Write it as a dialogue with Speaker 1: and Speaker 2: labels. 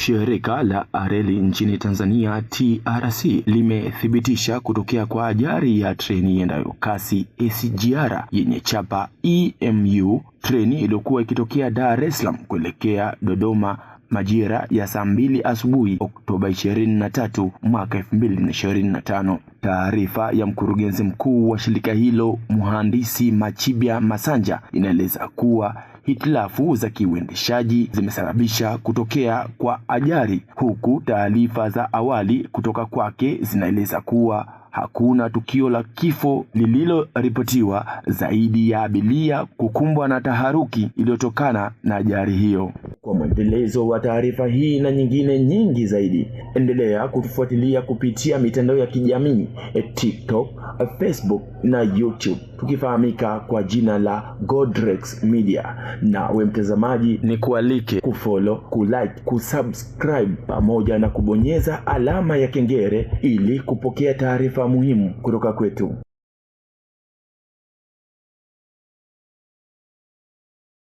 Speaker 1: Shirika la areli nchini Tanzania TRC limethibitisha kutokea kwa ajali ya treni iendayo kasi SGR yenye chapa EMU, treni iliyokuwa ikitokea Dar es Salaam kuelekea Dodoma majira ya saa mbili asubuhi Oktoba 23 mwaka 2025. Taarifa ya mkurugenzi mkuu wa shirika hilo Mhandisi machibia Masanja inaeleza kuwa hitilafu za kiuendeshaji zimesababisha kutokea kwa ajali, huku taarifa za awali kutoka kwake zinaeleza kuwa hakuna tukio la kifo lililoripotiwa zaidi ya abiria kukumbwa na taharuki iliyotokana na ajali hiyo.
Speaker 2: Kwa mwendelezo wa taarifa hii na nyingine nyingi zaidi, endelea kutufuatilia kupitia mitandao ya kijamii eh, TikTok, eh, Facebook na YouTube tukifahamika kwa jina la Godrex Media. Nawe mtazamaji, ni kualike kufollow, kulike, kusubscribe pamoja na kubonyeza alama ya kengele ili kupokea taarifa muhimu kutoka kwetu.